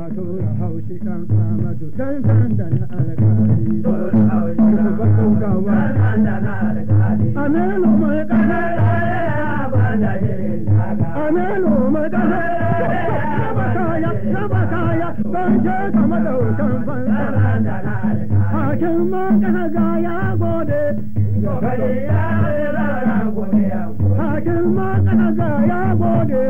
فاتور حوشي كان قامت كان عندنا الكالي كتبت قوات عندنا الكالي انا لو ما انا لو ما بكايا بكايا بنجي كما لو كان حاكم ما كان غايا غودي حاكم ما كان غايا غودي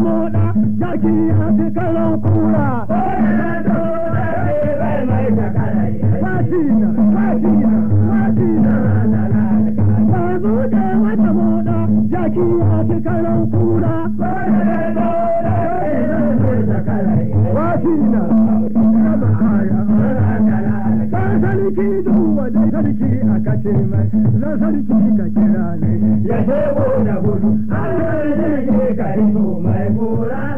moda jaki ya fi karon kura Fatina, Fatina, Fatina, ba buɗe wata moda jaki ya fi karon kura ce mai zan sarki ka kira ne ya shebo na gudu har zai je ka iso mai kura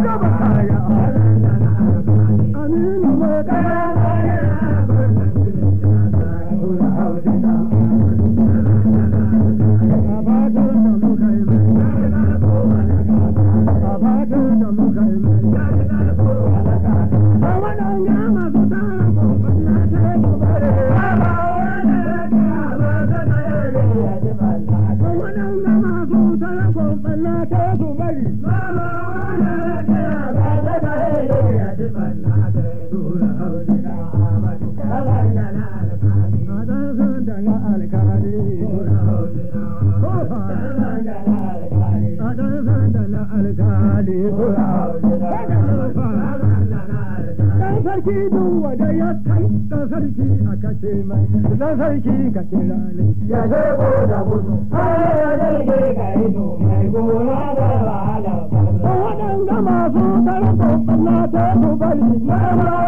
gaba kaya Dan sarki duwa da ya san sarki a kace mai sarki ka kira ne ya ce ko da gudu ya dai ga ido mai gora da wahala waɗanda masu tarko na ta kubali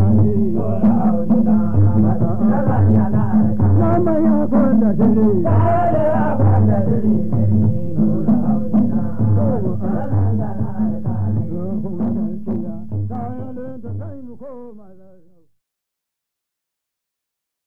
음.